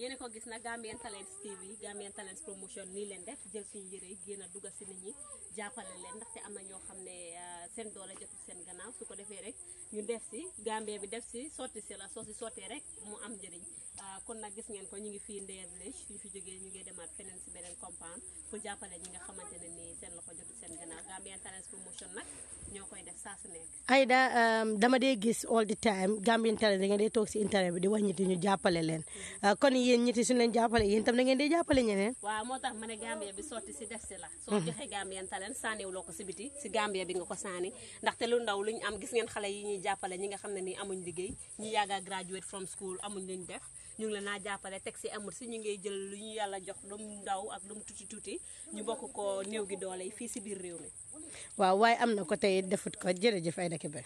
yéen ko gis nag Gambian Talents TV Gambian Talents promotion nii leen def jël si yëre yi génn a si nit ñi jàppale leen ndax te am na ñoo xam ne euh, seen doole jot seen gannaaw su ko defee rek ñu def si Gambie bi def si sotti si la soo si sottee rek mu am njëriñ euh, kon nag gis ngeen ko ñu ngi fii ndee village ñu fi jógee ñu ngi demaat feneen si beneen compound pour jàppale ñi nga xamante ne nii seen loxo jot seen gannaaw Aida, um, euh, dama gis all the time Gambian talent da ngeen day tok si internet bi di wax ñiti ñu jappalé len. Euh, kon yéen ñiti suñu len jappalé, yéen tam da ngeen day jappalé ñeneen. waaw motax mané Gambia bi sorti si def si la. soo joxee Gambian sané wu loko ci biti si Gambia bi nga ko Ndax té lu ndaw luñ am gis ngeen xalé yi ñi jappalé ñi nga xamné ni amuñ liggéey ñi graduate from school amuñ luñ def ñu ngi la na jappalé tek si amul si ñi ngay jël lu ñu jox lu ndaw ak lu tuti tuti ñu bokk ko new gi fi ci biir réew waaw waaye am na ko tey defut ko jërëjëf Aida Kébé